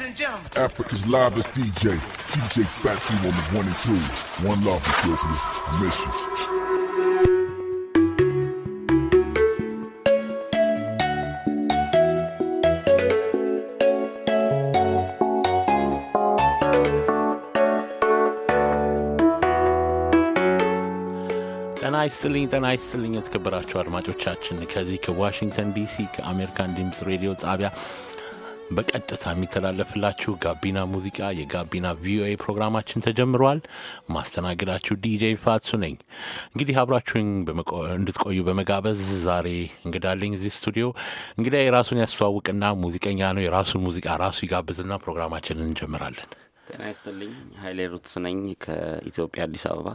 and gentlemen. Africa's livest DJ, DJ Fatu on the one and two. One love, Ethiopia. I miss you. ጤና ይስጥልኝ ጤና ይስጥልኝ የተከበራችሁ አድማጮቻችን ከዚህ ከዋሽንግተን ዲሲ ከአሜሪካን ድምፅ ሬዲዮ ጣቢያ በቀጥታ የሚተላለፍላችሁ ጋቢና ሙዚቃ የጋቢና ቪኦኤ ፕሮግራማችን ተጀምሯል። ማስተናገዳችሁ ዲጄ ፋትሱ ነኝ። እንግዲህ አብራችሁኝ እንድትቆዩ በመጋበዝ ዛሬ እንግዳለኝ እዚህ ስቱዲዮ። እንግዳ የራሱን ያስተዋውቅና ሙዚቀኛ ነው። የራሱን ሙዚቃ ራሱ ይጋብዝና ፕሮግራማችንን እንጀምራለን። ጤና ይስጥልኝ። ሀይሌ ሩትስ ነኝ ከኢትዮጵያ አዲስ አበባ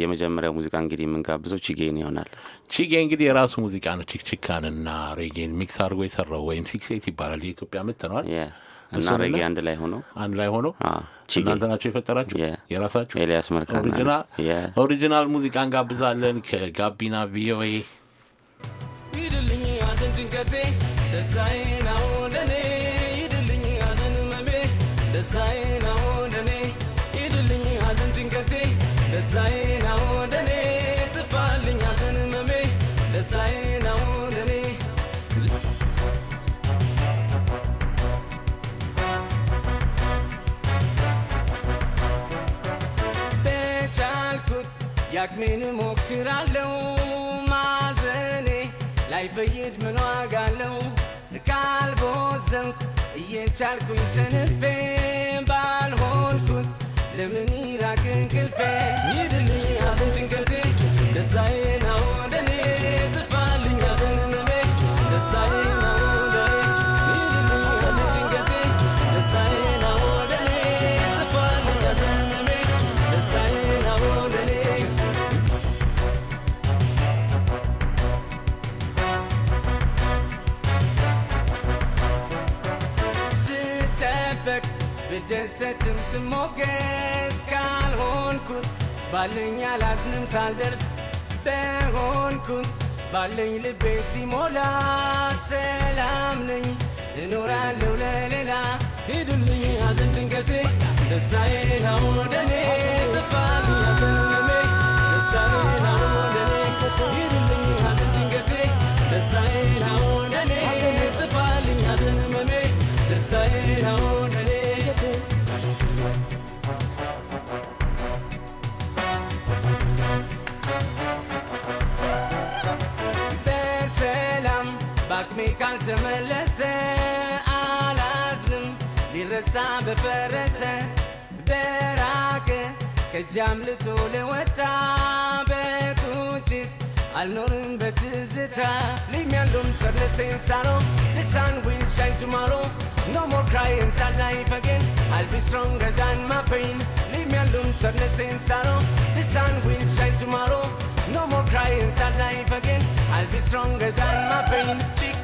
የመጀመሪያው ሙዚቃ እንግዲህ የምንጋብዘው ቺጌን ይሆናል። ቺጌ እንግዲህ የራሱ ሙዚቃ ነው። ቺክቺካንና ሬጌን ሚክስ አድርጎ የሰራው ወይም ሲክሴት ይባላል የኢትዮጵያ ምት ነዋል እና ሬጌ አንድ ላይ ሆኖ አንድ ላይ ሆኖ ah, እናንተ ናቸው የፈጠራችሁ የራሳችሁ ኤልያስ መልካ ኦሪጂናል ሙዚቃ እንጋብዛለን ከጋቢና ቪኦኤ ይድልኝ ሐዘን ጭንቀቴ ደስታዬ ነው ለኔ ይድልኝ ሐዘን መሜ ደስታዬ ነው ደስታዬን አሁን እኔ ጥፋልኝ ያቅሜን ሞክራለው ማዘኔ ላይፈይድ ምን ዋጋ ካልቦዘንኩ እየቻልኩኝ ሰንፌ ባልሆንኩት ለምን ይራቅንቅል ከልቤ ይድልኝ ሐዘን ጭንቀቴ ባለኛ አላዝንም ሳልደርስ በሆንኩት ባለኝ ልቤ ሲሞላ ሰላም ነኝ እኖራለሁ ለሌላ ሂዱልኝ ሐዘን ጭንቀቴ ደስታዬ ነው ደኔ ጥፋልኝ ሐዘንሜ ደስታዬ ነው ደኔ ሂዱልኝ ሐዘን ጭንቀቴ ደስታዬ ነው ደኔ ጥፋልኝ ሐዘንሜ ደስታዬ ነው ካልተመለሰ አላዝንም ሊረሳ በፈረሰ በራቀ ከጃም ልቶ ለወጣ በቁጭት አልኖርም በትዝታ ለሚያንዱም ሰድነሴን ሳሮ The sun will shine tomorrow No more crying sad life again I'll be stronger than my pain Leave me alone sadness and sorrow The sun will shine tomorrow No more crying sad life again I'll be stronger than my pain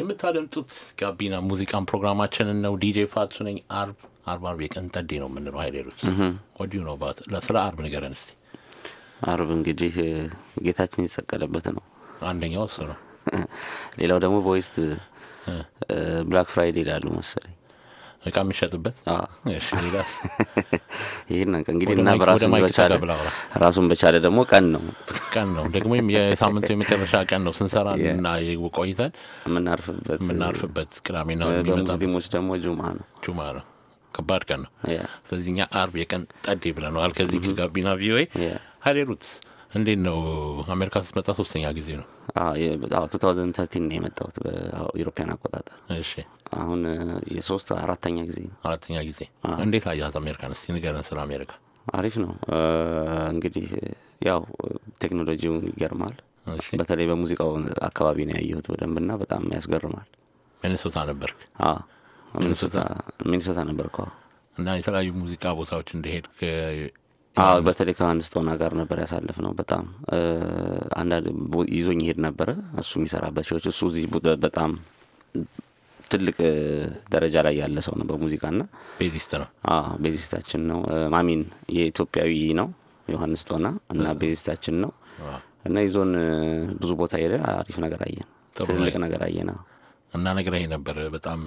የምታደምጡት ጋቢና ሙዚቃን ፕሮግራማችንን ነው። ዲጄ ፋቱ ነኝ። አርብ አርብ አርብ የቀን ጠዴ ነው የምንለው ሀይሌሉት ወዲሁ ነው። ስለ አርብ ንገረን እስቲ። አርብ እንግዲህ ጌታችን የተሰቀለበት ነው አንደኛው እሱ ነው። ሌላው ደግሞ ቦይስት ብላክ ፍራይዴ ይላሉ መሰለኝ እቃ የሚሸጥበት ይህን እንግዲህ እና በራሱን በቻለ ራሱን በቻለ ደግሞ ቀን ነው ቀን ነው ደግሞ የሳምንቱ የመጨረሻ ቀን ነው ስንሰራ እና ቆይተን የምናርፍበት የምናርፍበት ቅዳሜ ነው ሙስሊሞች ደግሞ ጁማ ነው ጁማ ነው ከባድ ቀን ነው ስለዚህ እኛ አርብ የቀን ጠዴ ብለነዋል ከዚህ ጋቢና ቪኦኤ ሀሌሩት እንዴት ነው አሜሪካ ስትመጣ ሶስተኛ ጊዜ ነው? ቱ ታውዘንድ ተርቲን ነው የመጣሁት በኢሮፓያን አቆጣጠር። እሺ አሁን የሶስት አራተኛ ጊዜ ነው አራተኛ ጊዜ። እንዴት አያት አሜሪካን? እስኪ ንገረን ስለ አሜሪካ። አሪፍ ነው እንግዲህ ያው ቴክኖሎጂውን ይገርማል። በተለይ በሙዚቃው አካባቢ ነው ያየሁት በደንብ ና በጣም ያስገርማል። ሚኒሶታ ነበርክ? ሚኒሶታ ነበርከ እና የተለያዩ ሙዚቃ ቦታዎች እንደሄድ አዎ በተለይ ከአንስቶና ጋር ነበር ያሳልፍ ነው። በጣም አንዳንድ ይዞኝ ይሄድ ነበረ እሱ የሚሰራበት ሰዎች እሱ እዚህ በጣም ትልቅ ደረጃ ላይ ያለ ሰው ነው በሙዚቃ ና ቤዚስት ነው ቤዚስታችን ነው። ማሚን የኢትዮጵያዊ ነው ዮሐንስ ጦና እና ቤዚስታችን ነው እና ይዞን ብዙ ቦታ ሄደ። አሪፍ ነገር አየን፣ ትልቅ ነገር አየን እና ነገር ነበር በጣም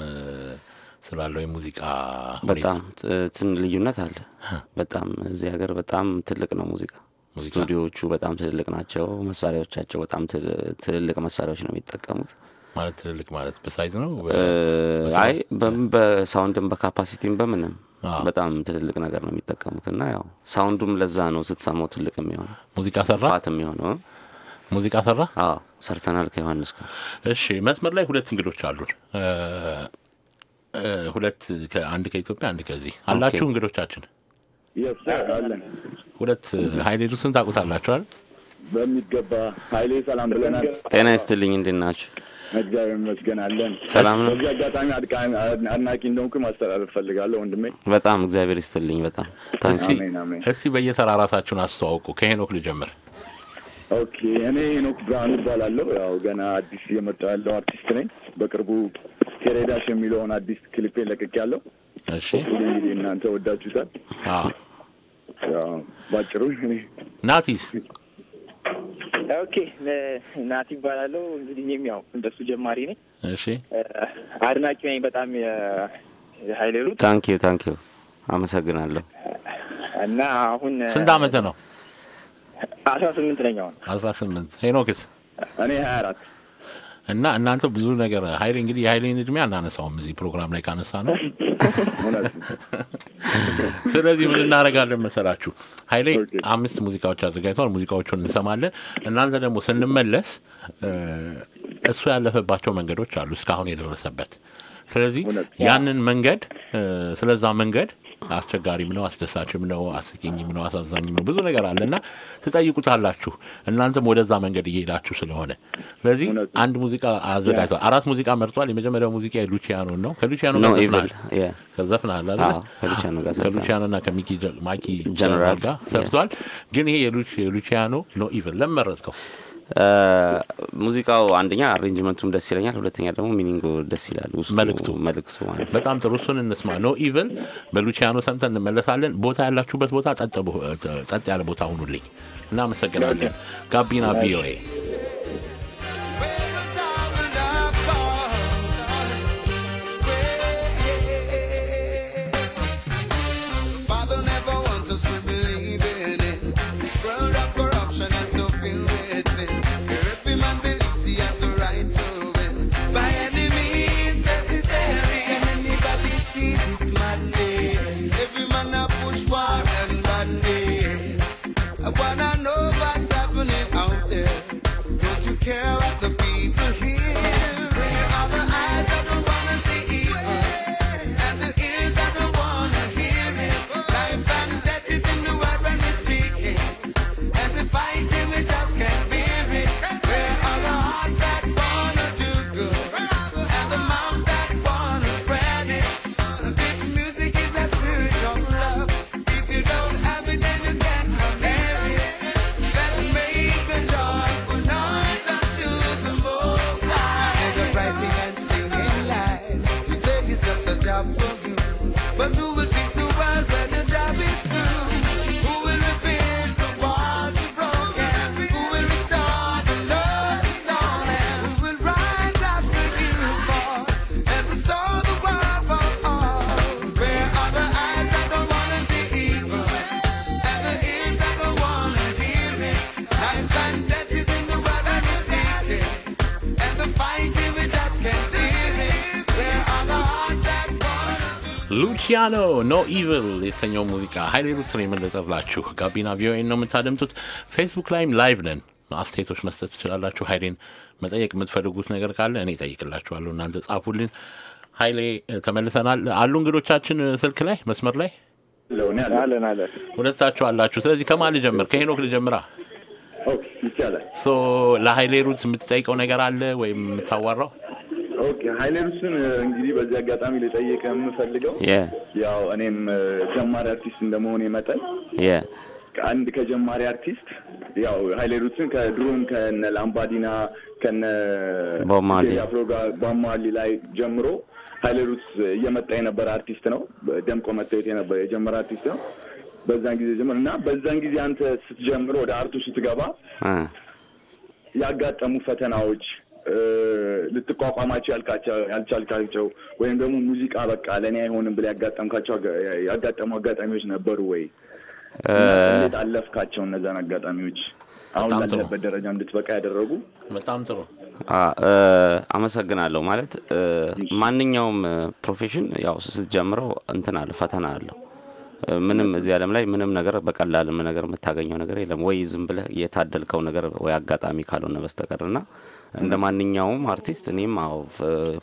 ስላለው የሙዚቃ በጣም ትን ልዩነት አለ። በጣም እዚህ ሀገር በጣም ትልቅ ነው ሙዚቃ። ስቱዲዮዎቹ በጣም ትልልቅ ናቸው። መሳሪያዎቻቸው በጣም ትልልቅ መሳሪያዎች ነው የሚጠቀሙት። ማለት ትልልቅ ማለት በሳይዝ ነው። አይ በሳውንድም በካፓሲቲም በምንም በጣም ትልልቅ ነገር ነው የሚጠቀሙት እና ያው ሳውንዱም ለዛ ነው ስትሰማው ትልቅ የሚሆነ ሙዚቃ ሰራ ፋት የሚሆነው ሙዚቃ ሰራ ሰርተናል ከዮሐንስ ጋር። እሺ መስመር ላይ ሁለት እንግዶች አሉን። ሁለት አንድ ከኢትዮጵያ አንድ ከዚህ አላችሁ እንግዶቻችን ሁለት ሀይሌ ዱስን ታውቁታላችኋል በሚገባ ሀይሌ ሰላም ብለናል ጤና ይስትልኝ እንዴት ናችሁ እግዚአብሔር ይመስገን ሰላም ነው በዚህ አጋጣሚ አድናቂ እንደሆንኩ ማስተላለፍ ፈልጋለሁ ወንድሜ በጣም እግዚአብሔር ይስትልኝ በጣም እስቲ በየተራ ራሳችሁን አስተዋውቁ ከሄኖክ ልጀምር ኦኬ እኔ ሄኖክ ብርሃኑ ይባላለሁ ያው ገና አዲስ እየመጣ ያለው አርቲስት ነኝ በቅርቡ ቴሬዳሽ የሚለውን አዲስ ክሊፔን ለቅቅ ያለው እንግዲህ እናንተ ወዳችሁታል። ባጭሩ ናቲስ ኦኬ፣ ናቲ ይባላለሁ። እንግዲህ እኔም ያው እንደሱ ጀማሪ ነኝ። እሺ፣ አድናቂ ነኝ በጣም ሀይሌ ሩት። ታንኪዩ ታንኪዩ፣ አመሰግናለሁ። እና አሁን ስንት አመት ነው? አስራ ስምንት ነኝ አሁን። አስራ ስምንት ሄኖክስ? እኔ ሀያ አራት እና እናንተ ብዙ ነገር ሀይሌ እንግዲህ የሀይሌን እድሜ አናነሳውም እዚህ ፕሮግራም ላይ ካነሳ ነው። ስለዚህ ምን እናደርጋለን መሰላችሁ ሀይሌ አምስት ሙዚቃዎች አዘጋጅተዋል። ሙዚቃዎቹን እንሰማለን። እናንተ ደግሞ ስንመለስ እሱ ያለፈባቸው መንገዶች አሉ እስካሁን የደረሰበት። ስለዚህ ያንን መንገድ ስለዛ መንገድ አስቸጋሪም ነው፣ አስደሳችም ነው፣ አስቂኝም ነው፣ አሳዛኝም ነው። ብዙ ነገር አለ እና ትጠይቁታላችሁ። እናንተም ወደዛ መንገድ እየሄዳችሁ ስለሆነ ስለዚህ አንድ ሙዚቃ አዘጋጅቷል። አራት ሙዚቃ መርጧል። የመጀመሪያው ሙዚቃ የሉቺያኖን ነው። ከሉቺያኖ ከዘፍናል ከሉቺያኖ እና ከሚኪ ማኪ ጀነራል ጋር ሰብቷል። ግን ይሄ የሉቺያኖ ኖ ኢቨል ለምን መረጥከው? ሙዚቃው አንደኛ አሬንጅመንቱም ደስ ይለኛል፣ ሁለተኛ ደግሞ ሚኒንጎ ደስ ይላል። ውስጡ መልክቱ መልክቱ ማለት በጣም ጥሩ። እሱን እንስማ። ኖ ኢቭል በሉቺያኖ ሰምተን እንመለሳለን። ቦታ ያላችሁበት ቦታ ጸጥ ያለ ቦታ ሁኑልኝ። እናመሰግናለን። ጋቢና ቪኦኤ ፒያኖ ኖ ኢቭል የተሰኘው ሙዚቃ ሀይሌ ሩትን የመለጸላችሁ ጋቢና ቪኦኤን ነው የምታደምጡት። ፌስቡክ ላይም ላይቭ ነን። አስተያየቶች መስጠት ትችላላችሁ። ሀይሌን መጠየቅ የምትፈልጉት ነገር ካለ እኔ እጠይቅላችኋለሁ። እናንተ ጻፉልን። ሀይሌ ተመልሰናል። አሉ እንግዶቻችን ስልክ ላይ መስመር ላይ አለን ሁለታችሁ አላችሁ። ስለዚህ ከማን ልጀምር? ከሄኖክ ልጀምራ። ይቻላል። ለሀይሌ ሩት የምትጠይቀው ነገር አለ ወይም የምታዋራው ኦኬ ሀይሌ ብስን እንግዲህ በዚህ አጋጣሚ ልጠይቅ የምፈልገው ያው እኔም ጀማሪ አርቲስት እንደመሆኔ መጠን አንድ ከጀማሪ አርቲስት ያው ሀይሌ ሩትን ከድሮም ከነ ላምባዲና ከነ ቦማሊፕሮጋ ቦማሊ ላይ ጀምሮ ሀይሌ ሩት እየመጣ የነበረ አርቲስት ነው። ደምቆ መታየት የነበረ የጀመረ አርቲስት ነው። በዛን ጊዜ ጀምር እና በዛን ጊዜ አንተ ስትጀምር ወደ አርቱ ስትገባ ያጋጠሙ ፈተናዎች ልትቋቋማቸው ያልቻልካቸው ወይም ደግሞ ሙዚቃ በቃ ለእኔ አይሆንም ብለህ ያጋጠምካቸው ያጋጠሙ አጋጣሚዎች ነበሩ ወይ? እንዴት አለፍካቸው እነዛን አጋጣሚዎች አሁን ላለበት ደረጃ እንድትበቃ ያደረጉ? በጣም ጥሩ አመሰግናለሁ። ማለት ማንኛውም ፕሮፌሽን ያው ስትጀምረው እንትን አለ፣ ፈተና አለው ምንም እዚህ ዓለም ላይ ምንም ነገር በቀላል ነገር የምታገኘው ነገር የለም ወይ ዝም ብለህ የታደልከው ነገር ወይ አጋጣሚ ካልሆነ በስተቀር ና እንደ ማንኛውም አርቲስት እኔም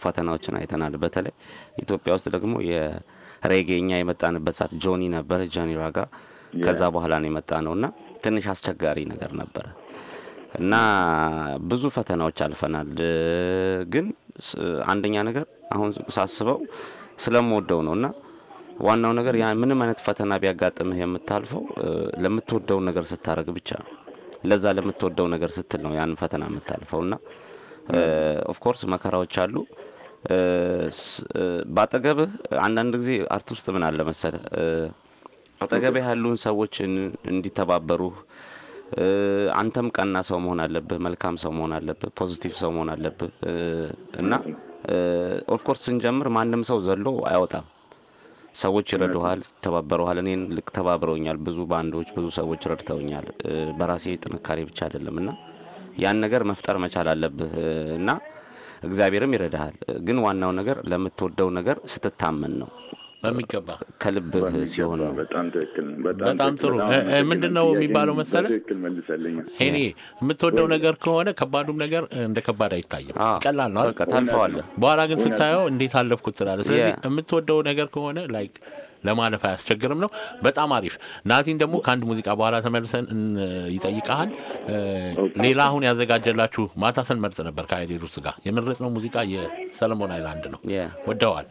ፈተናዎችን አይተናል። በተለይ ኢትዮጵያ ውስጥ ደግሞ የሬጌኛ የመጣንበት ሰዓት ጆኒ ነበረ ጆኒ ራጋ ከዛ በኋላ ነው የመጣ ነው እና ትንሽ አስቸጋሪ ነገር ነበረ እና ብዙ ፈተናዎች አልፈናል። ግን አንደኛ ነገር አሁን ሳስበው ስለምወደው ነው እና ዋናው ነገር ያ ምንም አይነት ፈተና ቢያጋጥምህ የምታልፈው ለምትወደው ነገር ስታደረግ ብቻ ነው። ለዛ ለምትወደው ነገር ስትል ነው ያን ፈተና የምታልፈው እና ኦፍኮርስ መከራዎች አሉ በአጠገብህ አንዳንድ ጊዜ አርት ውስጥ ምን አለ መሰለህ አጠገብህ ያሉን ሰዎች እንዲተባበሩህ አንተም ቀና ሰው መሆን አለብህ፣ መልካም ሰው መሆን አለብህ፣ ፖዚቲቭ ሰው መሆን አለብህ እና ኦፍኮርስ ስንጀምር ማንም ሰው ዘሎ አይወጣም ሰዎች ይረዱሃል፣ ተባበረሃል። እኔን ልክ ተባብረውኛል። ብዙ ባንዶች፣ ብዙ ሰዎች ረድተውኛል። በራሴ ጥንካሬ ብቻ አይደለም እና ያን ነገር መፍጠር መቻል አለብህ እና እግዚአብሔርም ይረዳሃል። ግን ዋናው ነገር ለምትወደው ነገር ስትታመን ነው። በሚገባ ከልብ ሲሆን በጣም ጥሩ ምንድን ነው የሚባለው መሰለህ ሄኔ የምትወደው ነገር ከሆነ ከባዱም ነገር እንደ ከባድ አይታይም፣ ቀላል ነው ታልፈዋለህ። በኋላ ግን ስታየው እንዴት አለፍኩት ትላለህ። ስለዚህ የምትወደው ነገር ከሆነ ላይክ ለማለፍ አያስቸግርም ነው። በጣም አሪፍ ናቲን ደግሞ ከአንድ ሙዚቃ በኋላ ተመልሰን ይጠይቀሃል። ሌላ አሁን ያዘጋጀላችሁ ማታ ስንመርጥ ነበር ከአይዴሩስ ጋር የምንረጥነው ሙዚቃ የሰለሞን አይላንድ ነው። ወደዋል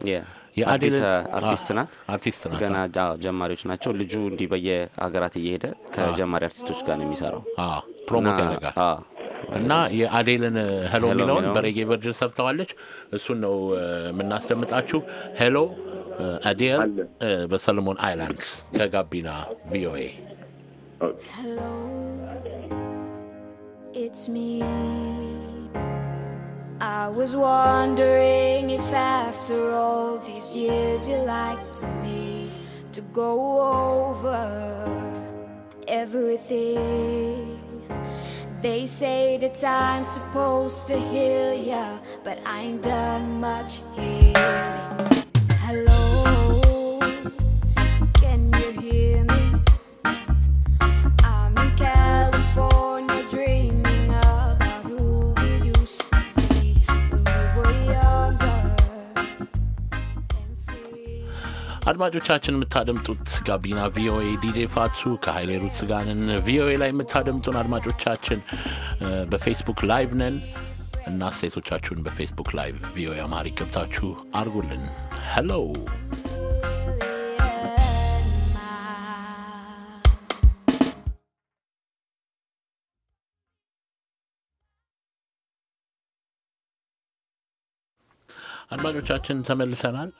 አርቲስት ናት። አርቲስት ናት። ገና ጀማሪዎች ናቸው። ልጁ እንዲህ በየሀገራት እየሄደ ከጀማሪ አርቲስቶች ጋር ነው የሚሰራው፣ ፕሮሞት ያደርጋል እና የአዴልን ሄሎ የሚለውን በሬጌ ቨርጅን ሰርተዋለች። እሱን ነው የምናስደምጣችሁ። ሄሎ አዴል በሰለሞን አይላንድ ከጋቢና ቪኦኤ It's me. I was wondering if after all these years you liked me to go over everything. They say that time's supposed to heal ya, but I ain't done much healing. አድማጮቻችን የምታደምጡት ጋቢና ቪኦኤ ዲጄ ፋቱ ከሀይሌ ሩት ጋር ቪኦኤ ላይ የምታደምጡን አድማጮቻችን በፌስቡክ ላይቭ ነን እና ሴቶቻችሁን በፌስቡክ ላይቭ ቪኦኤ አማሪ ገብታችሁ አድርጉልን። ሄሎ አድማጮቻችን ተመልሰናል።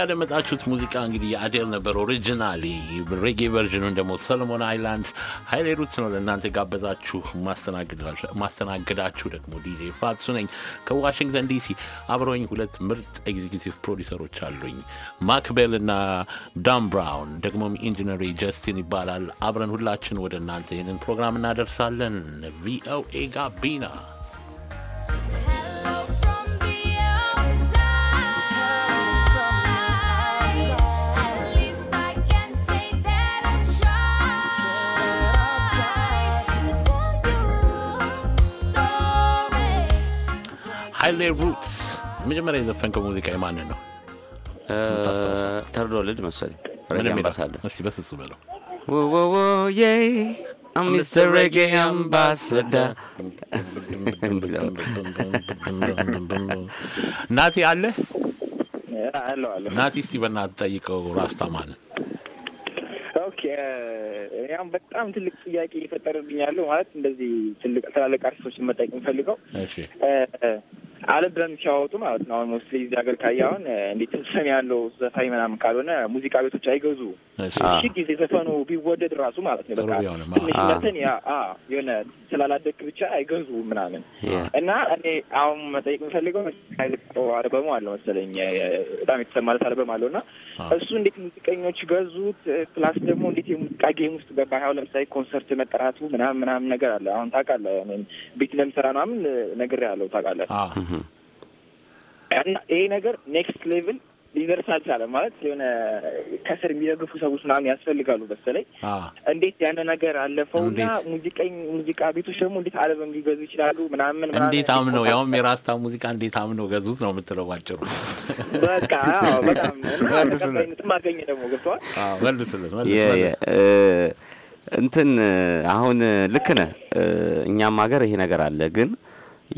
ያደመጣችሁት ሙዚቃ እንግዲህ የአዴል ነበር ኦሪጂናሊ። ሬጌ ቨርዥኑን ደግሞ ሰሎሞን አይላንድ ሀይሌ ሩት ነው ለእናንተ ጋበዛችሁ። ማስተናገዳችሁ ደግሞ ዲጄ ፋትሱ ነኝ ከዋሽንግተን ዲሲ። አብረኝ ሁለት ምርጥ ኤግዚኪቲቭ ፕሮዲሰሮች አሉኝ፣ ማክቤል እና ዳም ብራውን፣ ደግሞም ኢንጂነሪ ጀስቲን ይባላል። አብረን ሁላችን ወደ እናንተ ይህንን ፕሮግራም እናደርሳለን። ቪኦኤ ጋቢና ዲሌ ሩትስ መጀመሪያ የዘፈንከው ሙዚቃ የማንን ነው? ተርዶ ልድ መሰለኝ። በስሱ በለው ሚስተር ሬጌ አምባሳደር ናቲ አለ ናቲ፣ እስቲ በእናትህ ጠይቀው ራስታ ማንን ያም በጣም ትልቅ ጥያቄ እየፈጠረብኝ ያለው ማለት እንደዚህ ትልቅ ትላልቅ አርቲስቶችን መጠየቅ የምፈልገው ብለን ሲያወጡ ማለት ነው። አሁን ሞስትሊ እዚህ ሀገር ካየ አሁን እንዴት ትንሰም ያለው ዘፋኝ ምናምን ካልሆነ ሙዚቃ ቤቶች አይገዙ። እሺ ጊዜ ዘፈኑ ቢወደድ ራሱ ማለት ነው በቃ ትንሽነትን ያ የሆነ ስላላደክ ብቻ አይገዙ ምናምን እና እኔ አሁን መጠየቅ የምፈልገው አልበሙ አለው መሰለኝ በጣም የተሰማለት አልበም አለው እና እሱ እንዴት ሙዚቀኞች ገዙት፣ ፕላስ ደግሞ እንዴት የሙዚቃ ጌም ውስጥ ገባ። ያው ለምሳሌ ኮንሰርት መጠራቱ ምናምን ምናምን ነገር አለ። አሁን ታውቃለህ፣ ቤት ለምሰራ ምናምን ነግሬሃለሁ ታውቃለህ ይሄ ነገር ኔክስት ሌቭል ሊደርስ አልቻለም። ማለት የሆነ ከስር የሚደግፉ ሰዎች ምናምን ያስፈልጋሉ መሰለኝ። እንዴት ያነ ነገር አለፈውና ሙዚቀኝ ሙዚቃ ቤቶች ደግሞ እንዴት አልበም ሊገዙ ይችላሉ ምናምን እንዴት አምነው ያውም የራስታ ሙዚቃ እንዴት አምነው ገዙት ነው የምትለው ባጭሩ። በቃ በጣም ተቀባይነትም ደግሞ ገብተዋል። መልስልን እንትን አሁን ልክ ነህ። እኛም ሀገር ይሄ ነገር አለ። ግን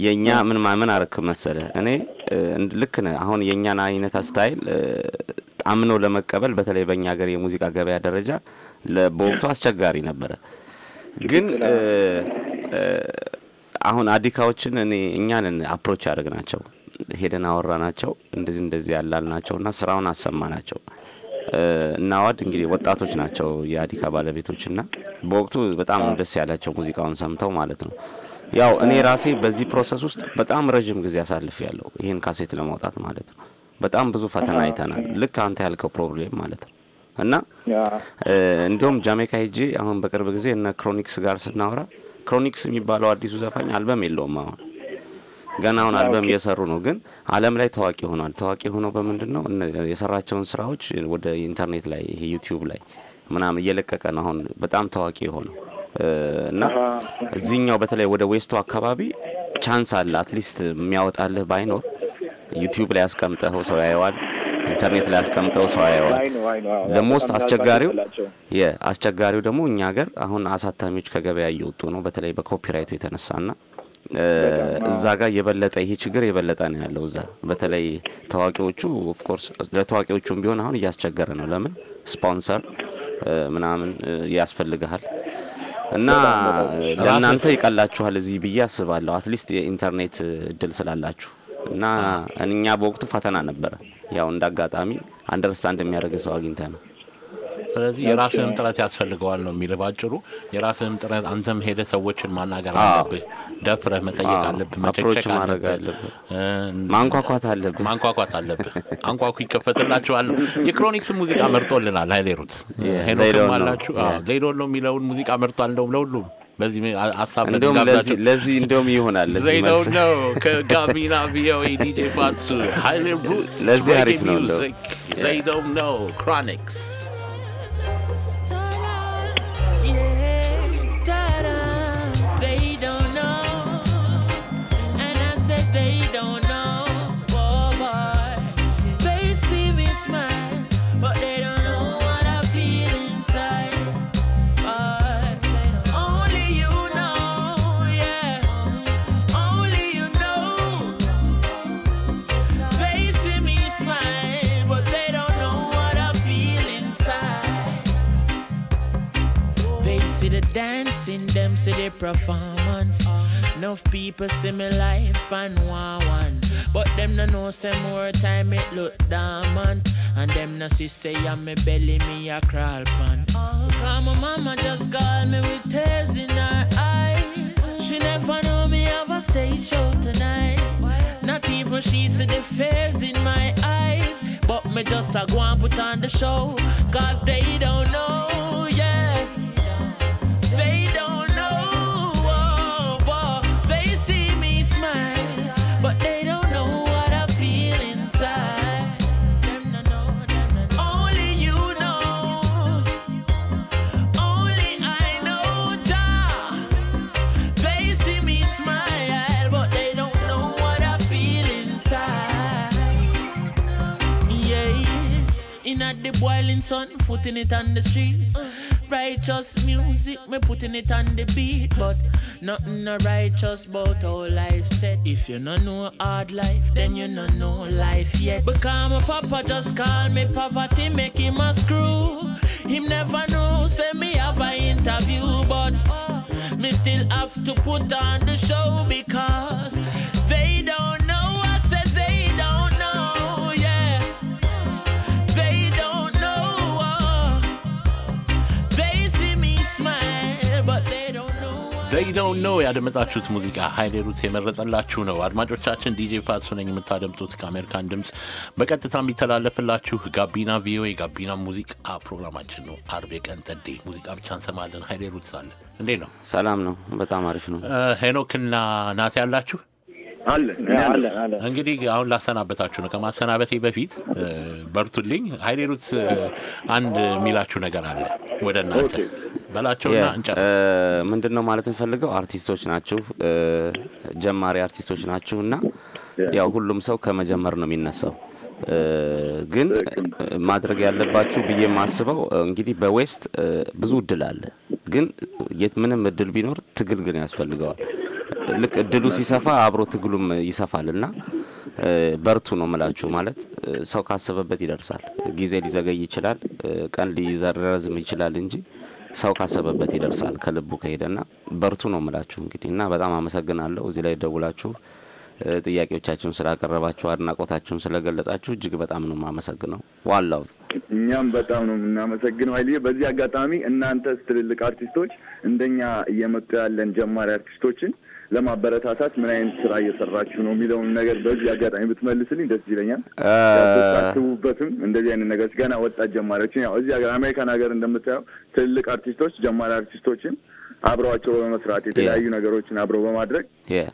የእኛ ምን ማመን አረክ መሰለህ እኔ ልክ አሁን የእኛን አይነት ስታይል አምኖ ለመቀበል በተለይ በእኛ ሀገር የሙዚቃ ገበያ ደረጃ በወቅቱ አስቸጋሪ ነበረ። ግን አሁን አዲካዎችን እኔ እኛንን አፕሮች ያደርግ ናቸው ሄደን አወራ ናቸው እንደዚህ እንደዚህ ያላል ናቸው እና ስራውን አሰማ ናቸው እና እንግዲህ ወጣቶች ናቸው የአዲካ ባለቤቶች እና በወቅቱ በጣም ደስ ያላቸው ሙዚቃውን ሰምተው ማለት ነው ያው እኔ ራሴ በዚህ ፕሮሰስ ውስጥ በጣም ረዥም ጊዜ አሳልፍ ያለው ይህን ካሴት ለማውጣት ማለት ነው። በጣም ብዙ ፈተና አይተናል። ልክ አንተ ያልከው ፕሮብሌም ማለት ነው። እና እንዲሁም ጃሜካ ሄጄ አሁን በቅርብ ጊዜ እነ ክሮኒክስ ጋር ስናወራ ክሮኒክስ የሚባለው አዲሱ ዘፋኝ አልበም የለውም። አሁን ገና አሁን አልበም እየሰሩ ነው፣ ግን አለም ላይ ታዋቂ ሆኗል። ታዋቂ ሆኖ በምንድን ነው የሰራቸውን ስራዎች ወደ ኢንተርኔት ላይ ዩቲዩብ ላይ ምናምን እየለቀቀ ነው አሁን በጣም ታዋቂ የሆነው እና እዚህኛው በተለይ ወደ ዌስቱ አካባቢ ቻንስ አለ። አትሊስት የሚያወጣልህ ባይኖር ዩቲዩብ ላይ ያስቀምጠው ሰው ያየዋል። ኢንተርኔት ላይ ያስቀምጠው ሰው ያየዋል። ለሞስት አስቸጋሪው አስቸጋሪው ደግሞ እኛ ሀገር አሁን አሳታሚዎች ከገበያ እየወጡ ነው፣ በተለይ በኮፒራይቱ የተነሳና እዛ ጋር የበለጠ ይሄ ችግር የበለጠ ነው ያለው። እዛ በተለይ ታዋቂዎቹ ኦፍኮርስ ለታዋቂዎቹም ቢሆን አሁን እያስቸገረ ነው። ለምን ስፖንሰር ምናምን ያስፈልግሃል እና ለእናንተ ይቀላችኋል እዚህ ብዬ አስባለሁ። አትሊስት የኢንተርኔት እድል ስላላችሁ እና እኛ በወቅቱ ፈተና ነበረ። ያው እንዳጋጣሚ አንደርስታንድ የሚያደርግ ሰው አግኝተ ነው ስለዚህ የራስህም ጥረት ያስፈልገዋል ነው የሚል ባጭሩ። የራስህም ጥረት አንተም ሄደህ ሰዎችን ማናገር አለብህ፣ ደፍረህ መጠየቅ አለብህ፣ መጨጨቅ አለብህ፣ ማንኳኳት አለብህ፣ ማንኳኳት አለብህ። አንኳኩ ይከፈትላችኋል። ነው የክሮኒክስ ሙዚቃ መርጦልናል ሀይሌሩት ሩት ሄኖክም ዘይዶን ነው የሚለውን ሙዚቃ መርጧል። እንደውም ለሁሉም በዚህ ሀሳብ ለዚህ እንደውም ይሆናል ከጋቢና ቪኦኤ ዲጄ ፋቱ ሀይሌ ሩት ለዚህ አሪፍ ነው ዘይዶን ነው ክሮኒክስ See the dancing, them see the performance. Enough people see me life and want one. But them no know say more time it look dormant. And them no see say I'm me belly, me a crawl pan. Cause my mama just called me with tears in her eyes. She never know me have a stage show tonight. Not even she see the fears in my eyes. But me just a go and put on the show. Cause they don't know, yeah they don't at the boiling sun, footing it on the street. Righteous music, me putting it on the beat. But nothing no righteous about all life Said If you no know hard life, then you no know life yet. Because my papa just call me poverty, make him a screw. Him never know, say me have a interview, but me still have to put on the show because they don't. ዜይ ዶንት ኖው ያደመጣችሁት ሙዚቃ ሀይሌ ሩት የመረጠላችሁ ነው። አድማጮቻችን ዲጄ ፋትሱ ነኝ። የምታደምጡት ከአሜሪካን ድምፅ በቀጥታ የሚተላለፍላችሁ ጋቢና ቪኦኤ ጋቢና ሙዚቃ ፕሮግራማችን ነው። አርብ የቀን ጠዴ ሙዚቃ ብቻ እንሰማለን። ሀይሌ ሩት አለ እንዴ ነው? ሰላም ነው። በጣም አሪፍ ነው። ሄኖክና ናት ያላችሁ እንግዲህ አሁን ላሰናበታችሁ ነው። ከማሰናበቴ በፊት በርቱልኝ። ሀይሌ ሩት አንድ የሚላችሁ ነገር አለ ወደ እናንተ በላቸውና ምንድን ነው ማለት የምፈልገው አርቲስቶች ናችሁ፣ ጀማሪ አርቲስቶች ናችሁ እና ያው ሁሉም ሰው ከመጀመር ነው የሚነሳው። ግን ማድረግ ያለባችሁ ብዬ የማስበው እንግዲህ በዌስት ብዙ እድል አለ፣ ግን ምንም እድል ቢኖር ትግል ግን ያስፈልገዋል። ልክ እድሉ ሲሰፋ አብሮ ትግሉም ይሰፋል እና በርቱ ነው ምላችሁ። ማለት ሰው ካሰበበት ይደርሳል። ጊዜ ሊዘገይ ይችላል፣ ቀን ሊረዝም ይችላል እንጂ ሰው ካሰበበት ይደርሳል ከልቡ ከሄደና በርቱ ነው ምላችሁ እንግዲህ እና በጣም አመሰግናለሁ እዚህ ላይ ደውላችሁ ጥያቄዎቻችሁን ስላቀረባችሁ አድናቆታችሁን ስለገለጻችሁ እጅግ በጣም ነው ማመሰግነው ዋላው እኛም በጣም ነው የምናመሰግነው ኃይልዬ። በዚህ አጋጣሚ እናንተ ትልልቅ አርቲስቶች እንደኛ እየመጡ ያለን ጀማሪ አርቲስቶችን ለማበረታታት ምን አይነት ስራ እየሰራችሁ ነው የሚለውን ነገር በዚህ አጋጣሚ ብትመልስልኝ ደስ ይለኛል። አስቡበትም እንደዚህ አይነት ነገር ገና ወጣት ጀማሪዎችን ያው እዚህ ሀገር አሜሪካን ሀገር እንደምታየው ትልልቅ አርቲስቶች ጀማሪ አርቲስቶችን አብረዋቸው በመስራት የተለያዩ ነገሮችን አብረው በማድረግ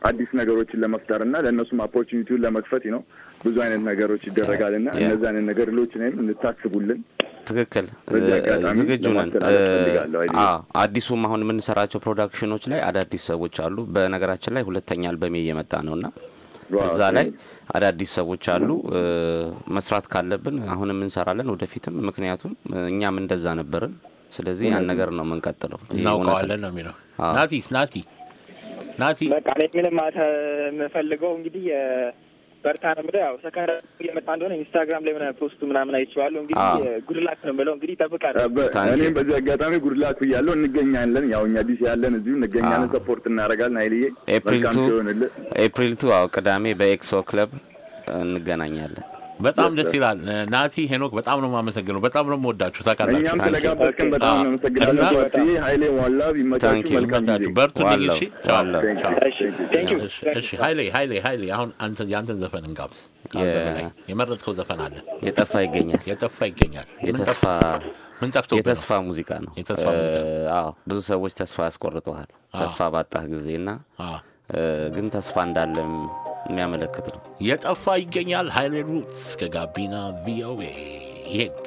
አዲስ ነገሮችን ለመፍጠር እና ለእነሱም አፖርቹኒቲውን ለመክፈት ነው ብዙ አይነት ነገሮች ይደረጋል እና እነዚ አይነት ነገር ሎች እኔም እንታስቡልን ትክክል ዝግጁ ነን። አዲሱም አሁን የምንሰራቸው ፕሮዳክሽኖች ላይ አዳዲስ ሰዎች አሉ። በነገራችን ላይ ሁለተኛ አልበሜ እየመጣ ነው እና እዛ ላይ አዳዲስ ሰዎች አሉ። መስራት ካለብን አሁንም እንሰራለን ወደፊትም፣ ምክንያቱም እኛም እንደዛ ነበርን። ስለዚህ ያን ነገር ነው የምንቀጥለው። እናውቀዋለን ነው የሚለው ናቲ ናቲ ናቲ በቃ ምንም የምፈልገው እንግዲህ በርታ ነው የምለው። ያው ሰከረ የመጣ እንደሆነ ኢንስታግራም ላይ ምናምን ፖስቱ ምናምን አይቼዋለሁ። እንግዲህ ጉድላክ ነው የምለው። እንግዲህ እጠብቃለሁ። እኔም በዚህ አጋጣሚ ጉድላክ ብያለሁ። እንገኛለን፣ ያው እኛ ዲሲ ያለን እዚሁ እንገኛለን። ሰፖርት እናደርጋለን። ሀይልዬ ኤፕሪል ቱ ኤፕሪል ቱ አዎ ቅዳሜ በኤክሶ ክለብ እንገናኛለን። በጣም ደስ ይላል ናቲ ሄኖክ፣ በጣም ነው የማመሰግነው። በጣም ነው የምወዳችሁ። ታውቃላችሁ። እኛም ስለጋበዝ በጣም እናመሰግናለን። ኃይሌ ዋላ ቢመቻችሁ መልካም በርቱልኝ። እሺ እሺ። ኃይሌ ኃይሌ አሁን የአንተን ዘፈን እንጋብዝ። የመረጥከው ዘፈን አለ። የጠፋ ይገኛል፣ የጠፋ ይገኛል። ምን ጠፍቶ? የተስፋ ሙዚቃ ነው። ብዙ ሰዎች ተስፋ ያስቆርጠዋል፣ ተስፋ ባጣህ ጊዜ ጊዜና ግን ተስፋ እንዳለም የሚያመለክት ነው። የጠፋ ይገኛል። ሀይሌ ሩት ከጋቢና ቪኦኤ ይሄድ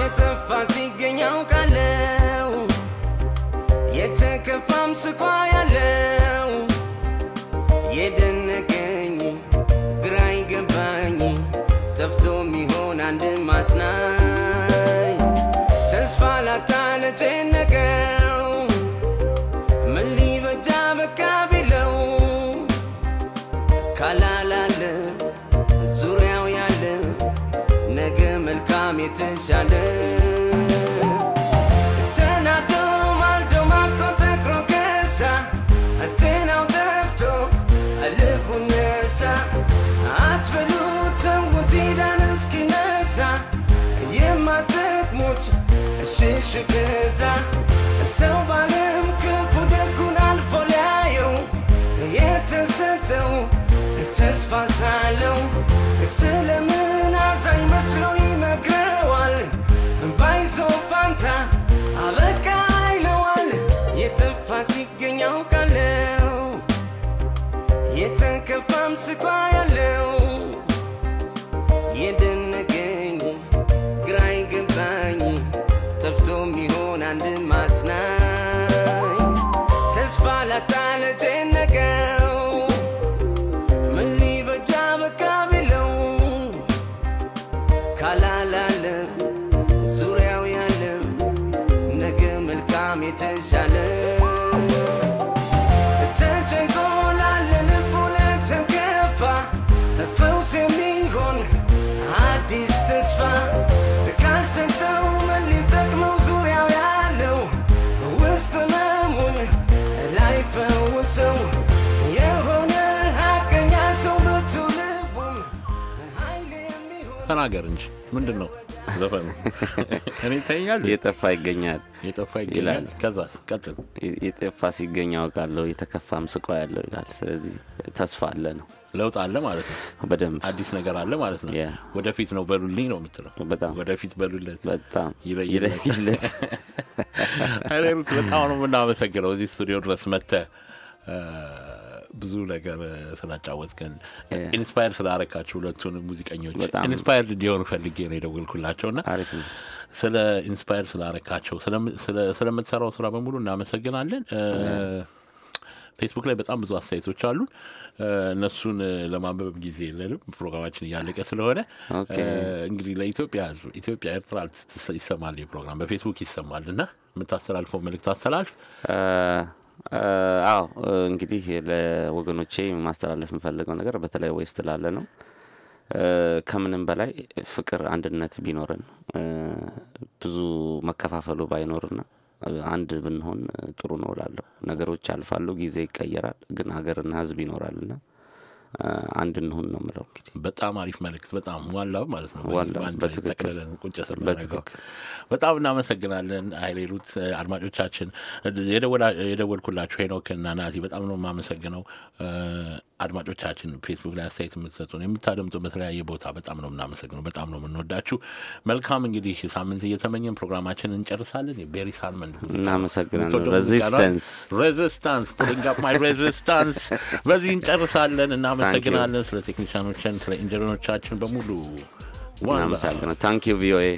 የጠፋ ሲገኝ የተከፋም ስቋ ያለው time to change ስልሽ ከዛ ሰው ባለም ክፉ ደጉን አልፎ ሊያየው የተሰጠው ተስፋ ሳለው ስለምን አዛኝ መስሎ ይነግረዋል። ባይዘው ፋንታ አበቃ ይለዋል። የጠፋ ሲገኝ አውቃለው፣ የተከፋም ስቃይ ያለው ተናገር እንጂ ምንድን ነው ዘፈኑ? እኔ ይተኛል የጠፋ ይገኛል የጠፋ ይገኛል። ከዛ ቀጥል የጠፋ ሲገኝ አውቃለሁ የተከፋም ስቆ ያለው ይላል። ስለዚህ ተስፋ አለ ነው ለውጥ አለ ማለት ነው። በደንብ አዲስ ነገር አለ ማለት ነው። ወደፊት ነው በሉልኝ ነው የምትለው። በጣም ወደፊት በሉለት፣ በጣም ይለይለት። እኔ ሩት በጣም ነው የምናመሰግነው እዚህ ስቱዲዮ ድረስ መጥተህ ብዙ ነገር ስላጫወትከን ኢንስፓየር ስላረካቸው ሁለቱን ሙዚቀኞች ኢንስፓየር እንዲሆኑ ፈልጌ ነው የደወልኩላቸው ና ስለ ኢንስፓየር ስላረካቸው ስለምትሰራው ስራ በሙሉ እናመሰግናለን። ፌስቡክ ላይ በጣም ብዙ አስተያየቶች አሉ እነሱን ለማንበብ ጊዜ የለንም፣ ፕሮግራማችን እያለቀ ስለሆነ እንግዲህ ለኢትዮጵያ ህዝብ ኢትዮጵያ ኤርትራ ይሰማል፣ ፕሮግራም በፌስቡክ ይሰማል እና የምታስተላልፈው መልእክት አስተላልፍ። አዎ እንግዲህ ለወገኖቼ ማስተላለፍ የምፈልገው ነገር በተለይ ወይስ ላለ ነው። ከምንም በላይ ፍቅር፣ አንድነት ቢኖርን ብዙ መከፋፈሉ ባይኖርና አንድ ብንሆን ጥሩ ነው ላለሁ ነገሮች ያልፋሉ፣ ጊዜ ይቀየራል፣ ግን ሀገርና ህዝብ ይኖራልና አንድ እንሁን ነው ምለው። እንግዲህ በጣም አሪፍ መልእክት፣ በጣም ዋላው ማለት ነው። ጠቅልለን ቁጭ ስር በጣም እናመሰግናለን ኃይሌ ሩት። አድማጮቻችን የደወልኩላችሁ እና ናቲ በጣም ነው የማመሰግነው። አድማጮቻችን ፌስቡክ ላይ አስተያየት የምትሰጡን የምታደምጡ በተለያየ ቦታ በጣም ነው የምናመሰግነው። በጣም ነው የምንወዳችሁ። መልካም እንግዲህ ሳምንት እየተመኘን ፕሮግራማችን እንጨርሳለን። የቤሪ ሳልመንድ እናመሰግናለን። ሬዚስታንስ ሬዚስታንስ ፑሊንግ ማይ ሬዚስታንስ በዚህ እንጨርሳለን። እናመሰግናለን ስለ ቴክኒሽያኖችን ስለ ኢንጂነሮቻችን በሙሉ እናመሰግናለን። ታንኪዩ ቪኦኤ